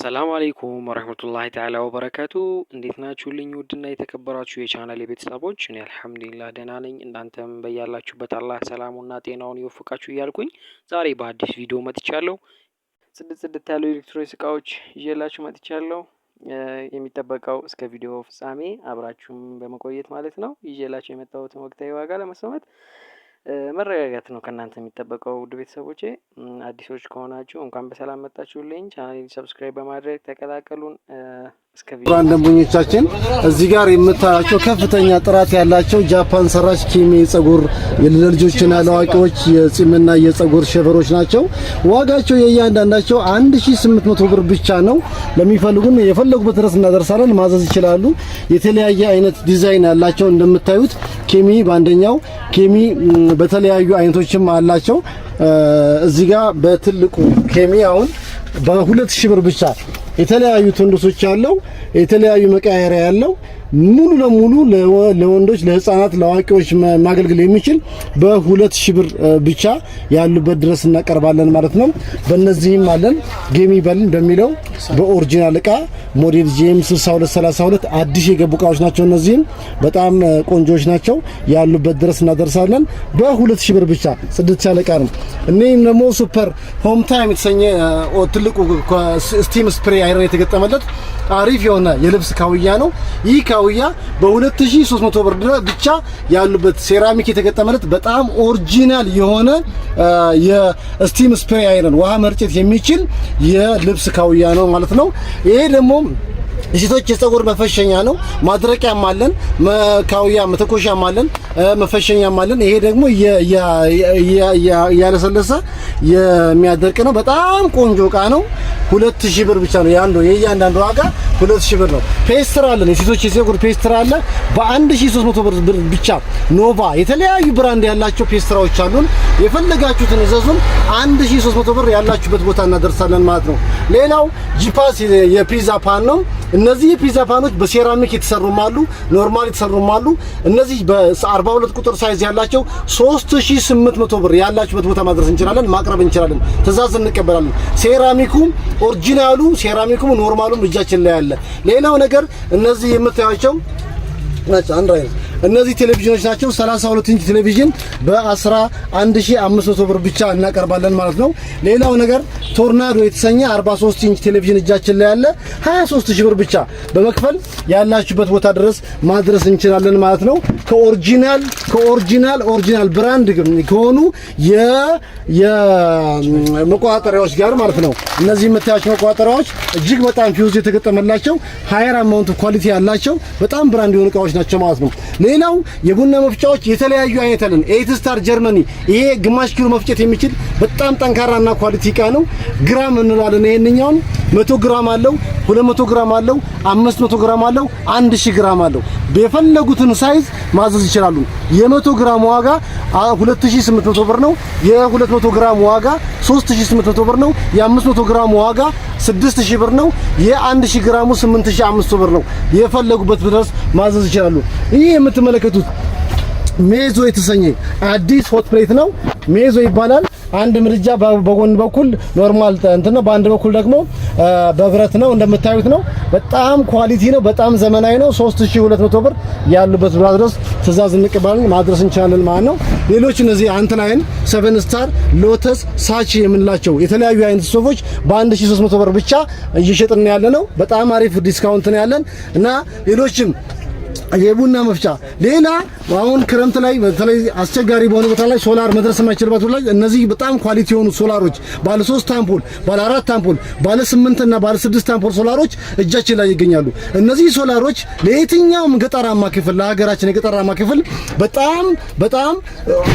ሰላም አለይኩም ወረህመቱላሂ ተዓላ ወበረካቱ። እንዴት ናችሁልኝ? ውድና የተከበራችሁ የቻናል የቤተሰቦች እኔ አልሐምዱሊላህ ደህና ነኝ። እናንተም በያላችሁበት አላህ ሰላሙና ጤናውን ይወፍቃችሁ እያልኩኝ ዛሬ በአዲስ ቪዲዮ መጥቻለሁ። ጽድት ጽድት ያሉ ኤሌክትሮኒክስ እቃዎች ይዤላችሁ መጥቻለሁ። የሚጠበቀው እስከ ቪዲዮ ፍጻሜ አብራችሁም በመቆየት ማለት ነው ይዤላችሁ የመጣሁትን ወቅታዊ ዋጋ ለመስማት መረጋጋት ነው ከእናንተ የሚጠበቀው ውድ ቤተሰቦቼ። አዲሶች ከሆናችሁ እንኳን በሰላም መጣችሁልኝ። ቻናሌን ሰብስክራይብ በማድረግ ተቀላቀሉን። እስከራን ደንበኞቻችን እዚህ ጋር የምታያቸው ከፍተኛ ጥራት ያላቸው ጃፓን ሰራሽ ኪሜ ጸጉር የልጆችና ለአዋቂዎች የጺምና የጸጉር ሸፈሮች ናቸው። ዋጋቸው የእያንዳንዳቸው 1800 ብር ብቻ ነው። ለሚፈልጉን የፈለጉበት ድረስ እናደርሳለን። ማዘዝ ይችላሉ። የተለያየ አይነት ዲዛይን ያላቸው እንደምታዩት ኬሚ በአንደኛው ኬሚ በተለያዩ አይነቶችም አላቸው። እዚህ ጋር በትልቁ ኬሚያውን በሁለት ሺህ ብር ብቻ የተለያዩ ትንዱሶች ያለው የተለያዩ መቀያየሪያ ያለው ሙሉ ለሙሉ ለወንዶች፣ ለህፃናት፣ ለአዋቂዎች ማገልገል የሚችል በሁለት ሺህ ብር ብቻ ያሉበት ድረስ እናቀርባለን ማለት ነው። በእነዚህም አለን ጌሚ በልን በሚለው በኦሪጂናል እቃ ሞዴል ጂኤም 6232 አዲስ የገቡ እቃዎች ናቸው። እነዚህም በጣም ቆንጆዎች ናቸው። ያሉበት ድረስ እናደርሳለን በሁለት ሺህ ብር ብቻ ጽድት ያለ እቃ ነው። እኔም ደግሞ ሱፐር ሆም ታይም የተሰኘ ትልቁ ስቲም ስፕሬ አይረን የተገጠመለት አሪፍ የሆነ የሆነ የልብስ ካውያ ነው። ይህ ካውያ በ2300 ብር ብቻ ያሉበት ሴራሚክ የተገጠመለት በጣም ኦሪጂናል የሆነ የስቲም ስፕሬይ አይረን ውሃ መርጨት የሚችል የልብስ ካውያ ነው ማለት ነው። ይሄ ደግሞ የሴቶች የፀጉር መፈሸኛ ነው። ማድረቂያም አለን፣ መካውያ መተኮሻም አለን፣ መፈሸኛም አለን። ይሄ ደግሞ ያለሰለሰ የሚያደርቅ ነው። በጣም ቆንጆ እቃ ነው። ሁለት ሺህ ብር ብቻ ነው ያንዱ የእያንዳንዱ ዋጋ ሁለት ሺህ ብር ነው። ፔስትር አለን፣ የሴቶች የፀጉር ፔስትር አለ በአንድ ሺህ መቶ ብር ብቻ። ኖቫ የተለያዩ ብራንድ ያላቸው ፔስትራዎች አሉን። የፈለጋችሁትን እዘዙን። አንድ ሺህ መቶ ብር ያላችሁበት ቦታ እናደርሳለን ማለት ነው። ሌላው ጂፓስ የፒዛ ፓን ነው። እነዚህ የፒዛ ፓኖች በሴራሚክ የተሰሩም አሉ፣ ኖርማል የተሰሩም አሉ። እነዚህ በ42 ቁጥር ሳይዝ ያላቸው 3800 ብር ያላችሁበት ቦታ ማድረስ እንችላለን፣ ማቅረብ እንችላለን፣ ትእዛዝ እንቀበላለን። ሴራሚኩም ኦሪጂናሉ ሴራሚኩም ኖርማሉም እጃችን ላይ አለ። ሌላው ነገር እነዚህ የምታያቸው ናቸው አንድ አይነት እነዚህ ቴሌቪዥኖች ናቸው። 32 ኢንች ቴሌቪዥን በ11500 ብር ብቻ እናቀርባለን ማለት ነው። ሌላው ነገር ቶርናዶ የተሰኘ 43 ኢንች ቴሌቪዥን እጃችን ላይ ያለ 23000 ብር ብቻ በመክፈል ያላችሁበት ቦታ ድረስ ማድረስ እንችላለን ማለት ነው። ከኦሪጂናል ከኦሪጂናል ኦሪጂናል ብራንድ ከሆኑ የመቆጣጠሪያዎች ጋር ማለት ነው። እነዚህ የምታያቸው መቆጣጠሪያዎች እጅግ በጣም ፊውዝ የተገጠመላቸው ሃየር አማውንት ኳሊቲ ያላቸው በጣም ብራንድ የሆኑ እቃዎች ናቸው ማለት ነው። ሌላው የቡና መፍጫዎች የተለያዩ አይነት አለን። ኤት ስታር ጀርመኒ ይሄ ግማሽ ኪሎ መፍጨት የሚችል በጣም ጠንካራና ኳሊቲ እቃ ነው። ግራም እንላለን ይሄንኛውን መቶ ግራም አለው፣ 200 ግራም አለው፣ 500 ግራም አለው፣ 1000 ግራም አለው። በፈለጉትን ሳይዝ ማዘዝ ይችላሉ። የ የ100 ግራም ዋጋ 2800 ብር ነው። የ200 ግራም ዋጋ 3800 ብር ነው። የ500 ግራም ዋጋ 6000 ብር ነው። የ1000 ግራሙ 8500 ብር ነው። የፈለጉበት ድረስ ማዘዝ ይችላሉ። ይህ የምትመለከቱት ሜዞ የተሰኘ አዲስ ሆት ፕሌት ነው። ሜዞ ይባላል። አንድ ምድጃ በጎን በኩል ኖርማል እንትን ነው፣ በአንድ በኩል ደግሞ በብረት ነው። እንደምታዩት ነው። በጣም ኳሊቲ ነው። በጣም ዘመናዊ ነው። 3200 ብር ያሉበት ብራ ድረስ ትእዛዝ እንቀበላለን ማድረስ እንችላለን ማለት ነው። ሌሎች እነዚህ አንተን አይን፣ ሰቨን ስታር፣ ሎተስ፣ ሳቺ የምንላቸው የተለያዩ አይነት ሶፎች በ1300 ብር ብቻ እየሸጥን ያለ ነው። በጣም አሪፍ ዲስካውንት ነው ያለን እና ሌሎችም የቡና መፍጫ ሌላ አሁን ክረምት ላይ በተለይ አስቸጋሪ በሆነ ቦታ ላይ ሶላር መድረስ የማይችልበት ላይ እነዚህ በጣም ኳሊቲ የሆኑ ሶላሮች ባለ ሶስት አምፖል፣ ባለ አራት አምፖል፣ ባለ ስምንት እና ባለ ስድስት አምፖል ሶላሮች እጃችን ላይ ይገኛሉ። እነዚህ ሶላሮች ለየትኛውም ገጠራማ ክፍል ለሀገራችን የገጠራማ ክፍል በጣም በጣም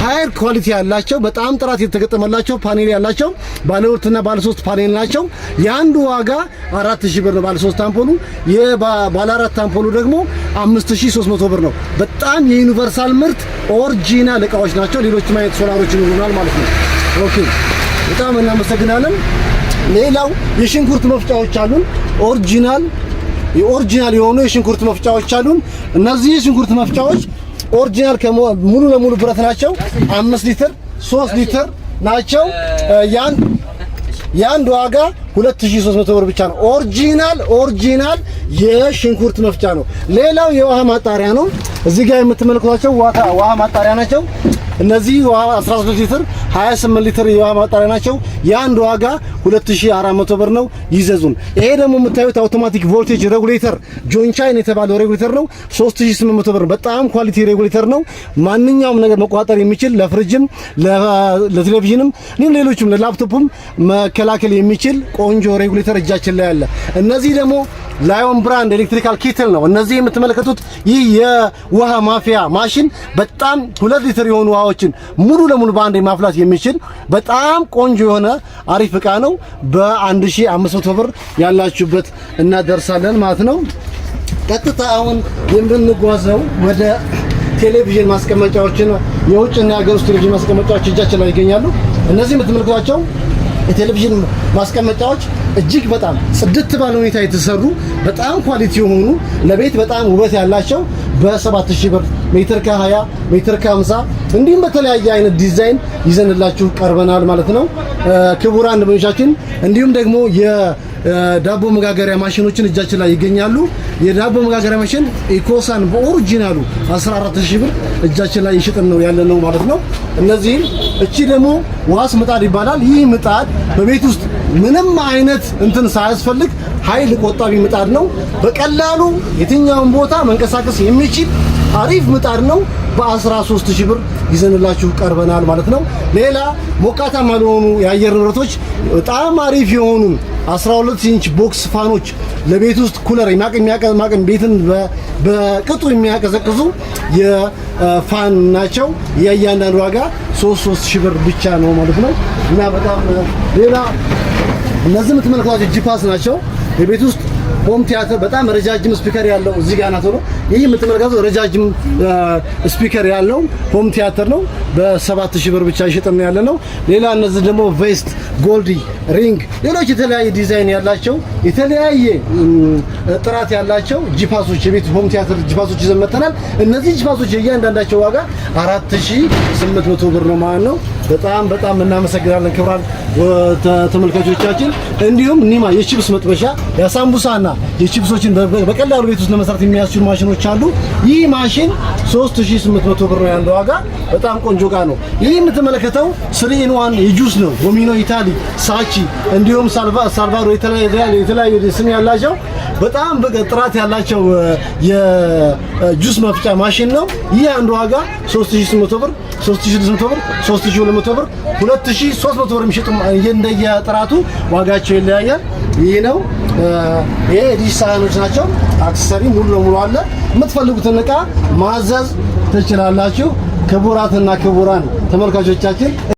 ሃየር ኳሊቲ ያላቸው በጣም ጥራት የተገጠመላቸው ፓኔል ያላቸው ባለ ሁለት እና ባለ ሶስት ፓኔል ናቸው። የአንዱ ዋጋ አራት ሺህ ብር ነው ባለ ሶስት አምፖሉ፣ የባለ አራት አምፖሉ ደግሞ 5000 1300 ብር ነው። በጣም የዩኒቨርሳል ምርት ኦሪጂናል እቃዎች ናቸው። ሌሎች አይነት ሶላሮች ይኖሩናል ማለት ነው። ኦኬ፣ በጣም እናመሰግናለን። ሌላው የሽንኩርት መፍጫዎች አሉን። ኦሪጂናል የኦሪጂናል የሆኑ የሽንኩርት መፍጫዎች አሉን። እነዚህ የሽንኩርት መፍጫዎች ኦሪጂናል ሙሉ ለሙሉ ብረት ናቸው። አምስት ሊትር ሶስት ሊትር ናቸው። ያን የአንድ ዋጋ 2300 ብር ብቻ ነው። ኦሪጂናል ኦሪጂናል የሽንኩርት መፍጫ ነው። ሌላው የውሃ ማጣሪያ ነው። እዚህ ጋር የምትመለከቷቸው ውሃ ማጣሪያ ናቸው። እነዚህ ውሃ 13 ሊትር 28 ሊትር የውሃ ማጣሪያ ናቸው። የአንድ ዋጋ 2400 ብር ነው። ይዘዙን። ይሄ ደግሞ የምታዩት አውቶማቲክ ቮልቴጅ ሬጉሌተር ጆንቻይን የተባለው ሬጉሌተር ነው። 3800 ብር በጣም ኳሊቲ ሬጉሌተር ነው። ማንኛውም ነገር መቆጣጠር የሚችል ለፍሪጅም፣ ለቴሌቪዥንም፣ ሌሎችም ለላፕቶፕም መከላከል የሚችል ቆንጆ ሬጉሌተር እጃችን ላይ አለ። እነዚህ ደግሞ ላዮን ብራንድ ኤሌክትሪካል ኪትል ነው። እነዚህ የምትመለከቱት ይህ የውሃ ማፍያ ማሽን በጣም ሁለት ሊትር የሆኑ ውሃዎችን ሙሉ ለሙሉ በአንድ ማፍላት የሚችል በጣም ቆንጆ የሆነ አሪፍ እቃ ነው። በ1500 ብር ያላችሁበት እናደርሳለን ማለት ነው። ቀጥታ አሁን የምንጓዘው ወደ ቴሌቪዥን ማስቀመጫዎችን የውጭና የሀገር ውስጥ ቴሌቪዥን ማስቀመጫዎች እጃችን ላይ ይገኛሉ። እነዚህ የምትመለከቷቸው የቴሌቪዥን ማስቀመጫዎች እጅግ በጣም ጽድት ባለ ሁኔታ የተሰሩ በጣም ኳሊቲ የሆኑ ለቤት በጣም ውበት ያላቸው በ7000 ብር ሜትር ከ20 ሜትር ከ50 እንዲሁም በተለያየ አይነት ዲዛይን ይዘንላችሁ ቀርበናል ማለት ነው። ክቡራን ደንበኞቻችን እንዲሁም ደግሞ የ ዳቦ መጋገሪያ ማሽኖችን እጃችን ላይ ይገኛሉ። የዳቦ መጋገሪያ ማሽን ኢኮሳን በኦሪጂናሉ 14000 ብር እጃችን ላይ ይሽጥን ነው ያለ ነው ማለት ነው። እነዚህ እቺ ደግሞ ዋስ ምጣድ ይባላል። ይህ ምጣድ በቤት ውስጥ ምንም አይነት እንትን ሳያስፈልግ ኃይል ቆጣቢ ምጣድ ነው። በቀላሉ የትኛውን ቦታ መንቀሳቀስ የሚችል አሪፍ ምጣድ ነው። በ13000 ብር ይዘንላችሁ ቀርበናል ማለት ነው። ሌላ ሞቃታማ ለሆኑ የአየር ንብረቶች በጣም አሪፍ የሆኑ 12 ኢንች ቦክስ ፋኖች ለቤት ውስጥ ኩለር ማቅም ቤትን በቅጡ የሚያቀዘቅዙ የፋን ናቸው። የእያንዳንዱ ዋጋ 33 ሺህ ብር ብቻ ነው ማለት ነው። እና በጣም ሌላ እነዚህ የምትመለከቷቸው ጂፓስ ናቸው የቤት ውስጥ ሆም ቲያትር በጣም ረጃጅም ስፒከር ያለው እዚህ ጋር ናት ሆኖ ይህ ረጃጅም ስፒከር ያለው ሆም ቲያትር ነው። በሰባት ሺህ ብር ብቻ እየሸጥን ያለ ነው። ሌላ እነዚህ ደግሞ ቬስት፣ ጎልዲ ሪንግ፣ ሌሎች የተለያየ ዲዛይን ያላቸው የተለያየ ጥራት ያላቸው ጂፓሶች፣ የቤት ሆም ቲያትር ጂፓሶች ይዘን መጥተናል። እነዚህ ጂፓሶች የእያንዳንዳቸው ዋጋ 4800 ብር ነው ማለት ነው። በጣም በጣም እናመሰግናለን ክብራን ተመልካቾቻችን። እንዲሁም ኒማ የቺፕስ መጥበሻ የሳምቡሳና የቺፕሶችን በቀላሉ ቤት ውስጥ ለመስራት የሚያስችሉ ማሽኖች አሉ። ይህ ማሽን 3800 ብር ነው ያለው ዋጋ። በጣም ቆንጆ እቃ ነው። ይህ የምትመለከተው ስሪኢን ዋን የጁስ ነው። ዶሚኖ ኢታሊ፣ ሳቺ እንዲሁም ሳልቫሮ የተለያዩ ስም ያላቸው በጣም ጥራት ያላቸው የጁስ መፍጫ ማሽን ነው። ይህ አንዱ ዋጋ 3800 ብር 3600 ብር 800 ብር፣ 2300 ብር የሚሸጡ እንደየ ጥራቱ ዋጋቸው ይለያያል። ይህ ነው። ይሄ ዲሽ ሳህኖች ናቸው። አክሰሰሪ ሙሉ ለሙሉ አለ። የምትፈልጉትን እቃ ማዘዝ ትችላላችሁ። ክቡራትና ክቡራን ተመልካቾቻችን